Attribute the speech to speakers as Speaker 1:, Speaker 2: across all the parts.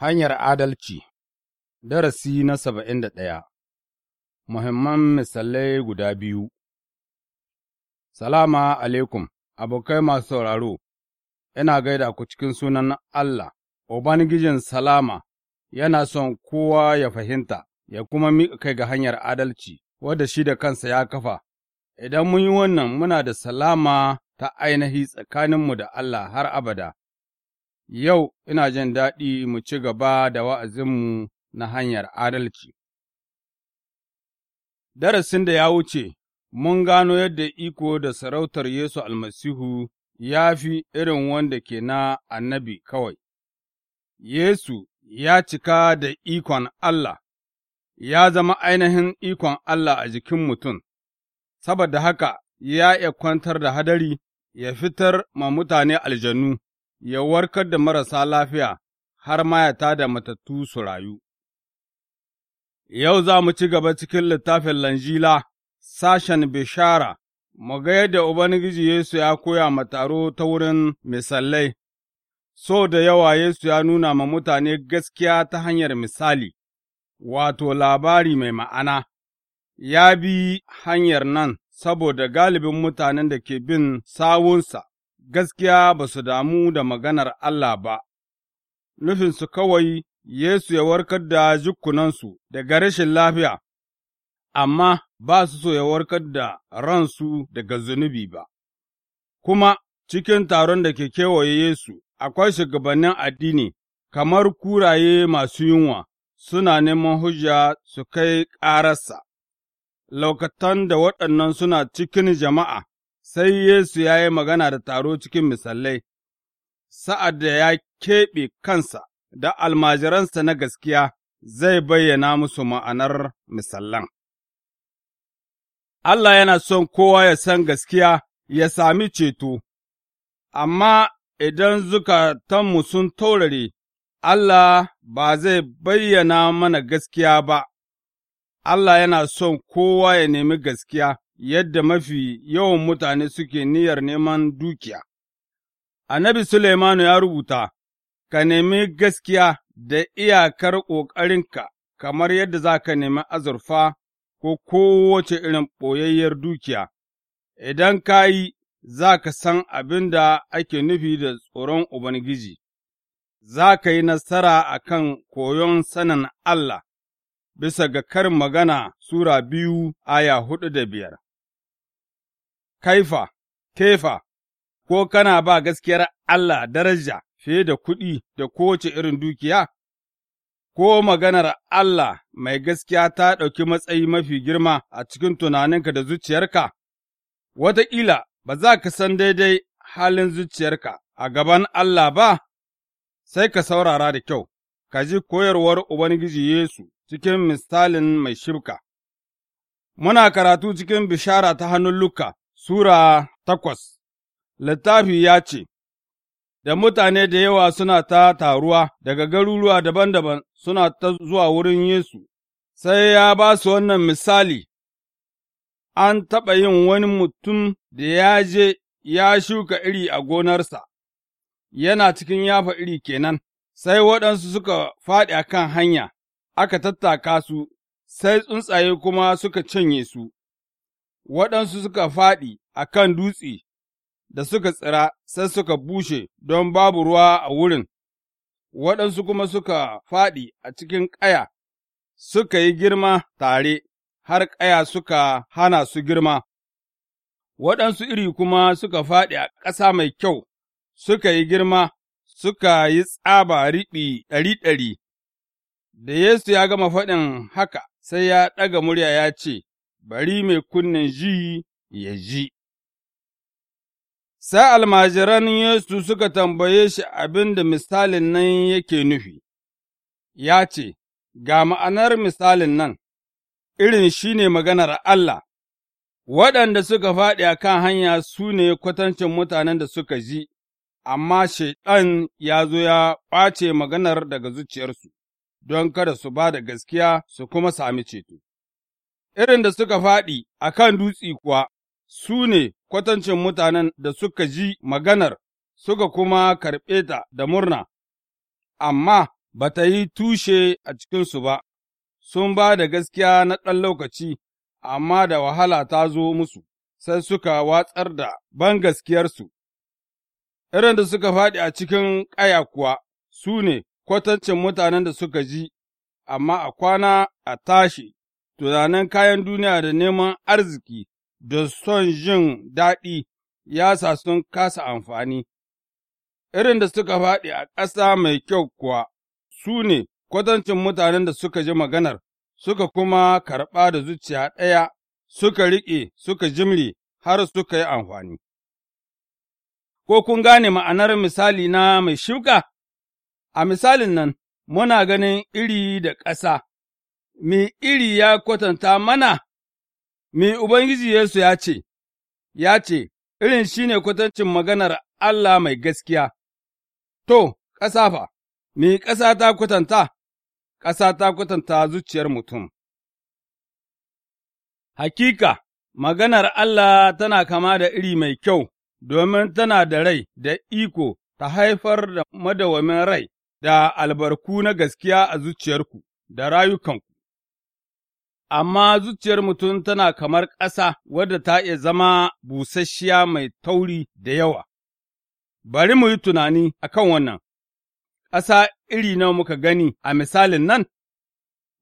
Speaker 1: Hanyar Adalci Darasi na saba'in da ɗaya Muhimman misalai guda biyu Salama alaikum, abokai masu sauraro, ina gaida ku cikin sunan Allah, Ubangijin Salama yana son kowa ya fahimta, ya kuma miƙa kai ga hanyar adalci, wadda shi da kansa ya kafa. Idan mun yi wannan muna da salama ta ainihi tsakaninmu da Allah har abada. Yau ina jin daɗi mu ci gaba da wa'azinmu na hanyar adalci. Darasin da ya wuce, mun gano yadda iko da sarautar Yesu almasihu ya fi irin wanda ke na annabi kawai. Yesu ya cika da ikon Allah, ya zama ainihin ikon Allah a jikin mutum, saboda haka ya iya kwantar da hadari, ya fitar ma mutane aljanu. ya warkar da marasa lafiya har ma ya tada matattu su rayu. Yau za mu ci gaba cikin littafin Lanjila, sashen Bishara, mu ga yadda Ubangiji Yesu ya koya ma taro ta wurin misalai, so da yawa Yesu ya nuna ma mutane gaskiya ta hanyar misali, wato labari mai ma'ana, ya bi hanyar nan saboda galibin mutanen da ke bin sawunsa gaskiya ba su damu da maganar Allah ba, nufinsu kawai Yesu ya warkar da jikunansu daga rashin lafiya, amma ba su so ya warkar da ransu daga zunubi ba, kuma cikin taron da ke kewaye Yesu akwai shugabannin addini kamar kuraye masu yunwa suna neman hujja su kai ƙararsa, laukatan da waɗannan suna cikin jama'a sai Yesu ya yi magana da taro cikin misalai, sa'ad da ya keɓe kansa da almajiransa na gaskiya zai bayyana musu ma'anar misallan. Allah yana son kowa ya san gaskiya ya sami ceto, amma idan zukatanmu sun taurare, Allah ba zai bayyana mana gaskiya ba, Allah yana son kowa ya nemi gaskiya, yadda mafi yawan mutane suke niyyar neman dukiya. Annabi Suleimanu ya rubuta, Ka nemi gaskiya da iyakar ƙoƙarinka, kamar yadda za ka nemi azurfa ko kowace irin ɓoyayyar dukiya, idan ka yi, za ka san abin da ake nufi da tsoron Ubangiji, za ka yi nasara a kan koyon sanin Allah, bisa ga karin magana Sura biyu aya hudu da biyar. kaifa, kefa, ko kana ba gaskiyar Allah daraja fiye da kuɗi da kowace irin dukiya? Ko maganar Allah mai gaskiya ta ɗauki matsayi mafi girma a cikin tunaninka da zuciyarka? Wataƙila ba za ka san daidai halin zuciyarka a gaban Allah ba, sai ka saurara da kyau, ka ji koyarwar Ubangiji Yesu cikin misalin mai shibka. Muna karatu cikin bishara ta hannun Luka, Sura takwas Littafi ya ce, Da mutane da yawa suna ta taruwa daga garuruwa daban-daban suna ta zuwa wurin Yesu, sai ya ba su wannan misali, an taɓa yin wani mutum da ya je ya shuka iri a gonarsa, yana cikin yafa iri kenan, sai waɗansu suka faɗi a kan hanya, aka tattaka su, sai tsuntsaye kuma suka cinye su. waɗansu suka faɗi a kan dutse da suka tsira sai suka bushe don babu ruwa a wurin, waɗansu kuma suka faɗi a cikin ƙaya, suka yi girma tare, har ƙaya suka hana su girma, waɗansu iri kuma suka faɗi a ƙasa mai kyau, suka yi girma, suka yi tsaba riɓi ɗari-ɗari. Da Yesu ya gama faɗin haka, sai ya ɗaga murya ya ce, bari mai kunnen ji ya ji. Sai almajiran Yesu suka tambaye shi abin da misalin nan yake nufi, ya ce, Ga ma'anar misalin nan, irin shi ne maganar Allah, waɗanda suka faɗi a kan hanya su ne kwatancin mutanen da suka ji, amma Shaiɗan ya zo ya ƙwace maganar daga zuciyarsu, don kada su ba da gaskiya su kuma sami ceto. irin da suka faɗi a kan dutsi kuwa, su ne kwatancin mutanen da suka ji maganar suka kuma karɓe ta da murna, amma ba ta yi tushe a cikinsu ba, sun ba da gaskiya na ɗan lokaci, amma da wahala ta zo musu, sai suka watsar da ban gaskiyarsu. Irin da suka faɗi a cikin ƙaya kuwa, su ne kwatancin mutanen da suka ji, amma a kwana a tashi tunanin kayan duniya da neman arziki da son jin daɗi ya sa sun kasa amfani, irin da suka faɗi a ƙasa mai kyau kuwa su ne kwatancin mutanen da suka ji maganar, suka kuma karɓa da zuciya ɗaya, suka riƙe, suka jimre har suka yi amfani. Ko kun gane ma'anar misali na mai shuka? A misalin nan, muna ganin iri da ƙasa. mi iri ya kwatanta mana, mi Ubangiji Yesu ya ce, ya ce, irin shi ne kwatancin maganar Allah mai gaskiya, to, ƙasa mi ƙasa ta kwatanta, ƙasa ta kwatanta zuciyar mutum. Hakika, maganar Allah tana kama da iri mai kyau, domin tana da rai da iko ta haifar da madawamin rai da albarku na gaskiya a zuciyarku da rayukanku. amma zuciyar mutum tana kamar ƙasa wadda ta iya zama busasshiya mai tauri da yawa. Bari mu yi tunani a kan wannan, ƙasa iri nawa muka gani a misalin nan,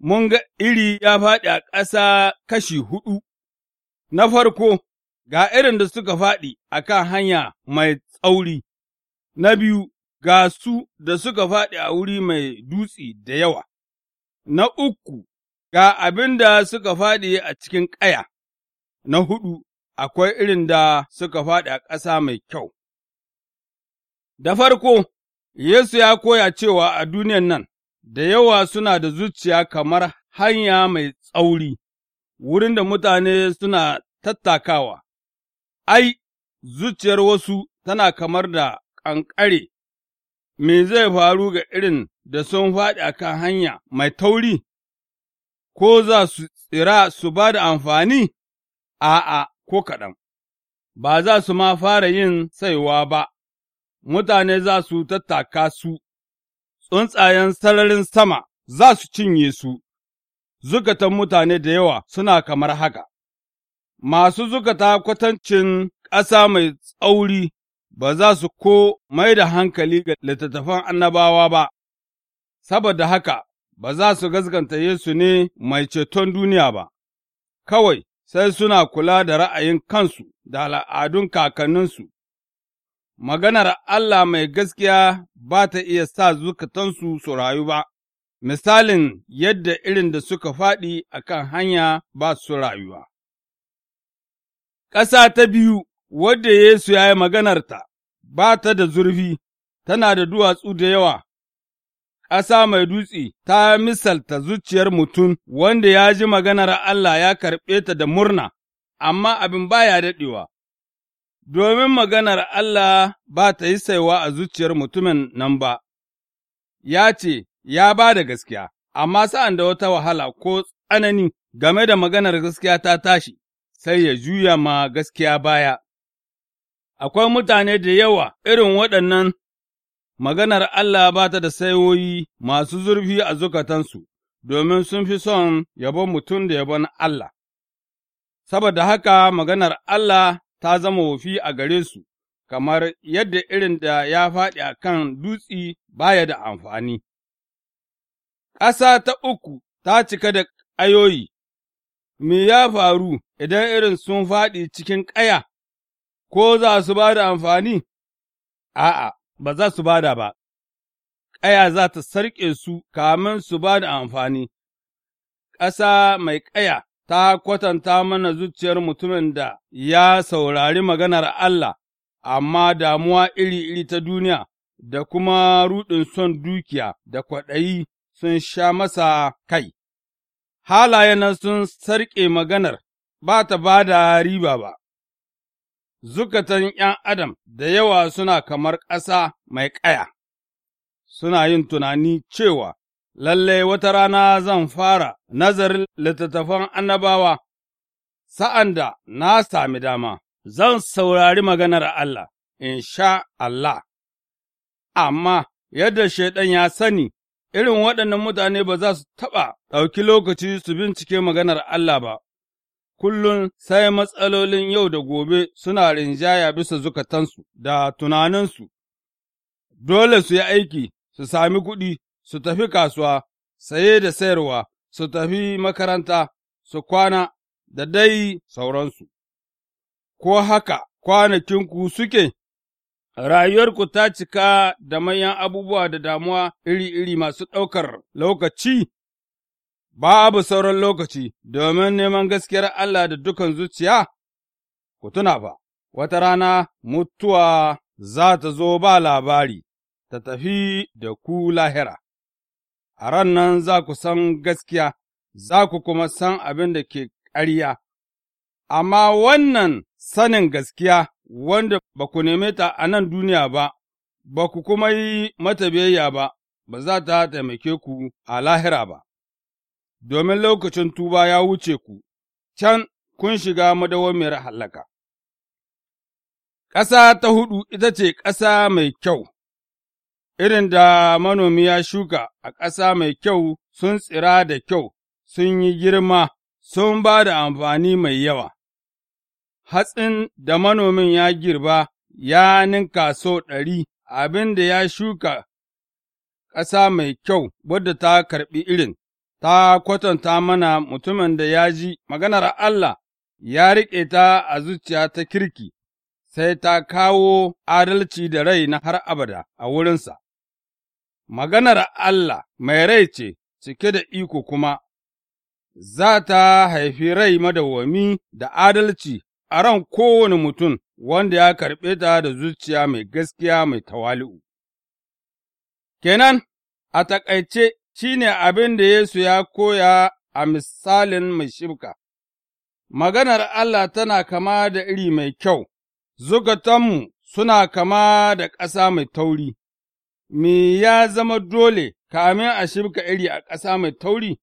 Speaker 1: mun ga iri ya faɗi a ƙasa kashi hudu. Na farko, ga irin da suka faɗi a kan hanya mai tsauri, na biyu, ga su da suka faɗi a wuri mai dutse da yawa, na uku, ga abin da suka faɗi a cikin ƙaya, na hudu akwai irin da suka faɗi a ƙasa mai kyau. Da farko, Yesu ya koya cewa a duniyan nan, da yawa suna da zuciya kamar hanya mai tsauri, wurin da mutane suna tattakawa, ai, zuciyar wasu tana kamar da ƙanƙare, me zai faru ga irin da sun faɗi a kan hanya mai tauri? ko za su tsira su ba da amfani? A'a, ko kaɗan, ba za su ma fara yin saiwa ba, mutane za su tattaka su, tsuntsayen sararin sama za su cinye su, zukatan mutane da yawa suna kamar haka, masu zukata kwatancin ƙasa mai tsauri ba za su ko mai da hankali ga littattafan annabawa ba, saboda haka ba za su gaskanta Yesu ne mai ceton duniya ba, kawai sai suna kula da ra'ayin kansu da al'adun kakanninsu. Maganar Allah mai gaskiya ba ta iya sa zukatansu su rayu ba, misalin yadda irin da suka faɗi a kan hanya ba su rayuwa. Ƙasa ta biyu wadda Yesu ya yi maganarta ba ta da zurfi, tana da duwatsu da yawa, ƙasa mai dutse ta misalta zuciyar mutum wanda ya ji maganar Allah ya karɓe ta da murna, amma abin baya daɗewa, domin maganar Allah ba ta yi saiwa a zuciyar mutumin nan ba, ya ce, ya ba da gaskiya, amma sa'an da wata wahala ko tsanani game da maganar gaskiya ta tashi, sai ya juya ma gaskiya baya. Akwai mutane da yawa irin waɗannan maganar Allah ba ta da sayoyi masu zurfi a zukatansu, domin sun fi son yabon mutum da yabon Allah. Saboda haka maganar Allah ta zama wofi a gare su, kamar yadda irin da ya faɗi a kan dutsi baya da amfani. Ƙasa ta uku ta cika da ayoyi, me ya faru idan irin sun faɗi cikin ƙaya, ko za su ba da amfani? A'a, ba za su bada ba, ƙaya za ta sarƙe su kamin su ba da amfani, ƙasa mai ƙaya ta kwatanta mana zuciyar mutumin da ya saurari maganar Allah, amma damuwa iri-iri ta duniya da kuma ruɗin son dukiya da kwaɗayi sun sha masa kai. Halayen sun sarƙe maganar ba ta ba da riba ba. zukatan ’yan adam da yawa suna kamar ƙasa mai ƙaya, suna yin tunani cewa lalle wata rana zan fara nazarin littattafan annabawa, sa'an da na sami dama, zan saurari maganar Allah, in sha Allah. Amma yadda Shaiɗan ya sani, irin waɗannan mutane ba za su taɓa ɗauki lokaci su bincike maganar Allah ba, kullum sai matsalolin yau da gobe suna rinjaya bisa zukatansu da tunaninsu, dole su yi aiki, su sami kuɗi, su tafi kasuwa, saye da sayarwa, su tafi makaranta, su kwana, da dai sauransu. Ko haka kwanakinku suke, rayuwarku ta cika da manyan abubuwa da damuwa iri-iri masu ɗaukar lokaci. babu sauran lokaci domin neman gaskiyar Allah da dukan zuciya, ku tuna ba, wata rana mutuwa za ta zo ba labari, ta tafi da ku lahira, a ran nan za ku san gaskiya, za ku kuma san abin da ke ƙarya, amma wannan sanin gaskiya wanda ba ku neme ta a nan duniya ba, ba ku kuma yi mata biyayya ba, ba za ta taimake ku a lahira ba. domin lokacin tuba ya wuce ku, can kun shiga madawamiyar hallaka. Ƙasa ta huɗu ita ce ƙasa mai kyau, irin da manomi ya shuka a ƙasa mai kyau sun tsira da kyau, sun yi girma, sun ba da amfani mai yawa. Hatsin da manomin ya girba ya ninka so ɗari abin da ya shuka ƙasa mai kyau wadda ta karɓi irin, ta kwatanta mana mutumin da ya ji maganar Allah ya riƙe ta a zuciya ta kirki, sai ta kawo adalci da rai na har abada a wurinsa. Maganar Allah mai rai ce cike da iko kuma, za ta haifi rai madawwami da adalci a ran kowane mutum wanda ya karɓe ta da zuciya mai gaskiya mai tawali'u. Kenan, a taƙaice, shi ne abin da Yesu ya koya a misalin mai shibka. Maganar Allah tana kama da iri mai kyau, zukatanmu suna kama da ƙasa mai tauri, me ya zama dole kamin a shibka iri a ƙasa mai tauri?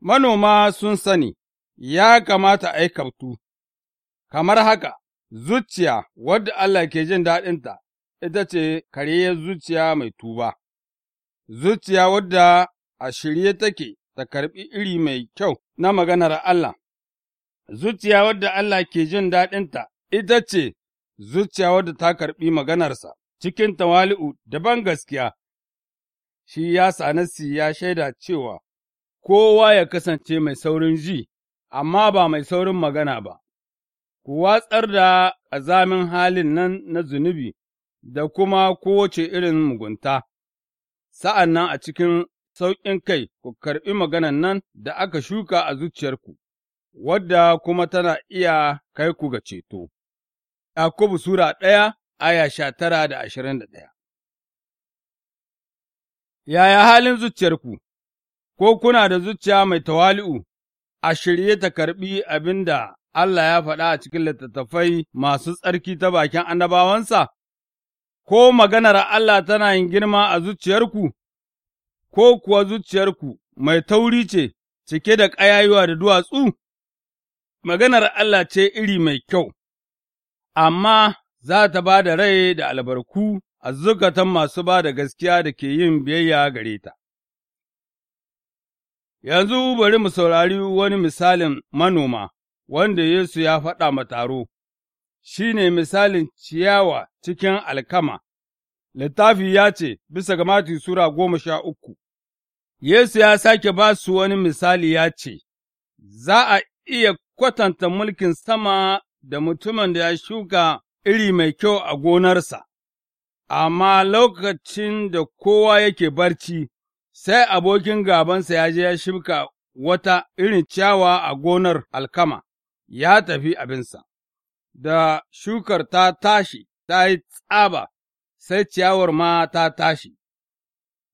Speaker 1: Manoma sun sani, ya kamata a yi kaftu, kamar haka, zuciya wadda Allah ke jin daɗinta, ita ce karyar zuciya mai tuba. zuciya wadda a shirye take ta karɓi iri mai kyau na maganar Allah, zuciya wadda Allah ke jin daɗinta ita ce zuciya wadda ta karɓi maganarsa cikin tawali'u daban gaskiya, shi ya sanasi ya shaida cewa kowa ya kasance mai saurin ji, amma ba mai saurin magana ba, ku watsar da azamin halin nan na zunubi da kuma kowace irin mugunta. sa'an nan a cikin sauƙin kai ku karɓi maganan nan da aka shuka a zuciyarku, wadda kuma tana iya kai ku ga ceto. Yakubu Sura ɗaya, aya sha tara da ashirin da ɗaya. Yaya halin zuciyarku, ko kuna da zuciya mai tawali'u, a shirye ta karɓi abin da Allah ya faɗa a cikin littattafai masu tsarki ta bakin annabawansa? ko maganar Allah tana yin girma a zuciyarku, ko kuwa zuciyarku mai tauri ce cike da ƙayayuwa da duwatsu? Maganar Allah ce iri mai kyau, amma za ta ba da rai da albarku a zukatan masu ba da gaskiya da ke yin biyayya gare ta. Yanzu bari mu saurari wani misalin manoma wanda Yesu ya faɗa ma taro. shi ne misalin ciyawa cikin alkama, littafi ya ce bisa ga Mati Sura goma sha uku, Yesu ya sake ba su wani misali ya ce, Za a iya kwatanta mulkin sama da mutumin da ya shuka iri mai kyau a gonarsa, amma lokacin da kowa yake barci, sai abokin gabansa ya je ya shuka wata irin ciyawa a gonar alkama, ya tafi abinsa. da shukar ta tashi ta yi tsaba, sai ciyawar ma ta tashi.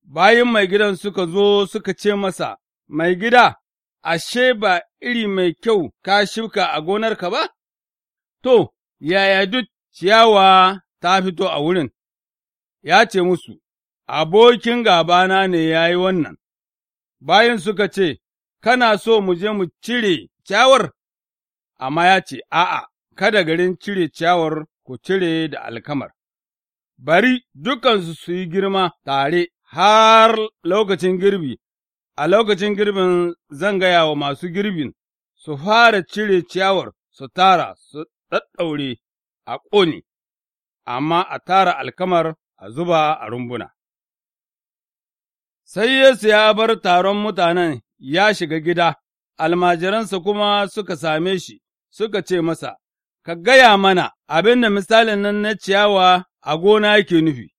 Speaker 1: Bayan mai gidan suka zo suka ce masa, Mai gida, ashe ba iri mai kyau ka shuka a gonarka ba? To, yaya duk ciyawa ta fito a wurin, ya ce musu, Abokin gabana ne ya yi wannan, bayan suka ce, Kana so mu je mu cire ciyawar? Amma ya ce, A'a, kada garin cire ciyawar ku cire da alkamar, bari dukansu su yi girma tare har lokacin girbi, a lokacin girbin zan gaya wa masu girbin su fara cire ciyawar su tara su ɗaɗɗaure a ƙone, amma a tara alkamar a zuba a rumbuna. Sai Yesu ya bar taron mutanen ya shiga gida, almajiransa kuma suka same shi, suka ce masa, ka gaya mana abin da misalin nan na ciyawa a gona yake nufi.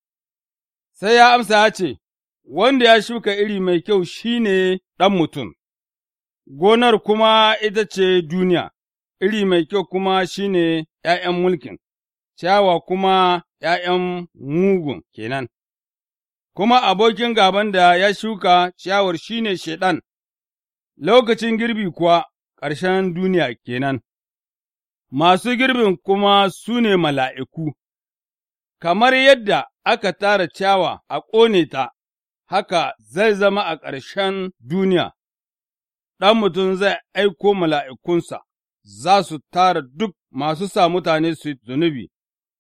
Speaker 1: Sai ya amsa ya ce, Wanda ya shuka iri mai kyau shi ne ɗan mutum, gonar kuma ita ce duniya, iri mai kyau kuma shi ne ’ya'yan mulkin, ciyawa kuma ’ya'yan mugun kenan. Kuma abokin gaban da ya shuka ciyawar shi ne lokacin girbi kuwa ƙarshen duniya kenan. masu girbin kuma su ne mala'iku, kamar yadda aka tara ciyawa a ƙone ta, haka zai zama a ƙarshen duniya, ɗan mutum zai aiko mala'ikunsa, za su tara duk masu sa mutane su zunubi,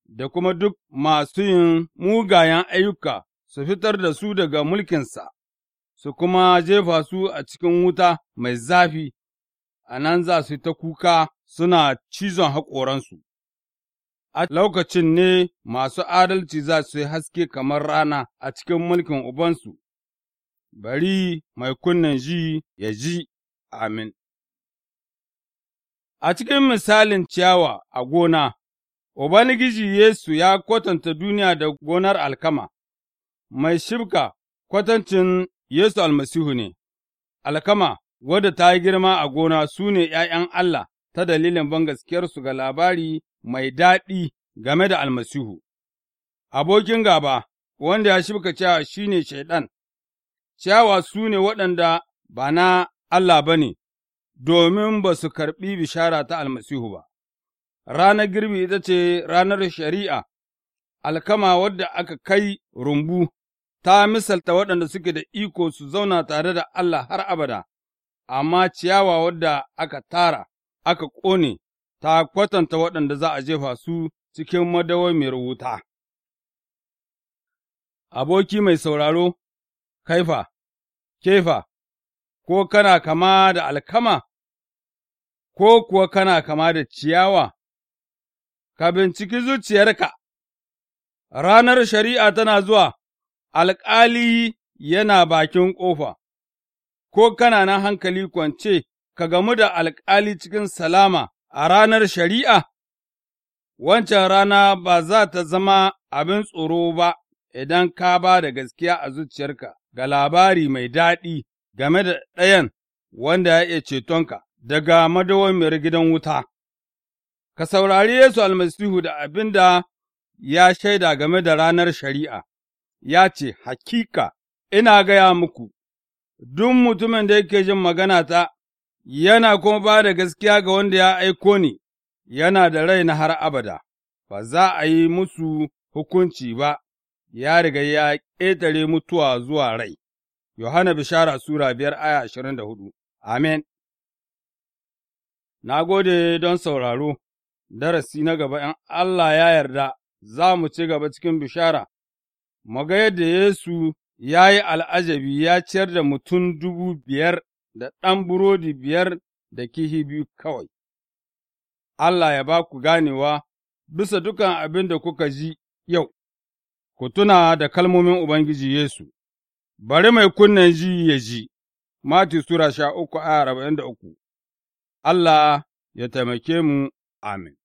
Speaker 1: da kuma duk masu yin mugayen ayyuka su fitar da su daga mulkinsa, su kuma jefa su a cikin wuta mai zafi, a nan za su ta kuka suna cizon haƙoransu. A lokacin ne masu adalci za su yi haske kamar rana a cikin mulkin Ubansu, bari mai kunnen ji ya ji, amin. A cikin misalin ciyawa a gona, Ubangiji Yesu ya kwatanta duniya da gonar alkama, mai shibka kwatancin Yesu almasihu ne, alkama wadda ta yi girma a gona su ne ’ya'yan Allah. ta dalilin bangaskiyarsu ga labari mai daɗi game da almasihu. Abokin gaba, wanda ya shibka cewa shi ne Shaiɗan, ciyawa su ne waɗanda ba na Allah ba ne, domin ba su karɓi bishara ta almasihu ba. Ranar girbi ita ce ranar shari'a, alkama wadda aka kai rumbu, ta misalta waɗanda suke da iko su zauna tare da Allah har abada, amma ciyawa wadda aka tara, aka ƙone ta kwatanta waɗanda za a jefa su cikin madawamiyar wuta. Aboki mai sauraro, kaifa, kefa, ko kana kama da alkama, ko kuwa kana kama da ciyawa, ka binciki zuciyarka, ranar shari'a tana zuwa, alƙali yana bakin ƙofa, ko kana na hankali kwance. ka gamu da alƙali cikin salama a ranar shari'a, wancan rana ba za ta zama abin tsoro ba idan ka ba da gaskiya a zuciyarka ga labari mai daɗi game da ɗayan wanda ya iya cetonka daga madawamiyar gidan wuta. Ka saurari Yesu almasihu da abin da ya shaida game da ranar shari'a, ya ce, Hakika, ina gaya muku, duk mutumin da yake jin ta. yana kuma ba da gaskiya ga wanda ya aiko ni, yana da rai na har abada, ba za a yi musu hukunci ba, ya riga ya ƙetare mutuwa zuwa rai. Yohana Bishara Sura biyar aya ashirin da hudu, Amen. Na gode don sauraro, darasi na gaba in Allah ya yarda za mu ci gaba cikin bishara, mu ga yadda Yesu ya yi al'ajabi ya ciyar da mutum dubu biyar. da ɗan burodi biyar da kihi biyu kawai. Allah ya ba ku ganewa bisa dukan abin da kuka ji yau, ku tuna da kalmomin Ubangiji Yesu, bari mai kunnen ji ya ji, Mati Sura sha uku a arba'in da uku, Allah ya taimake mu, amin.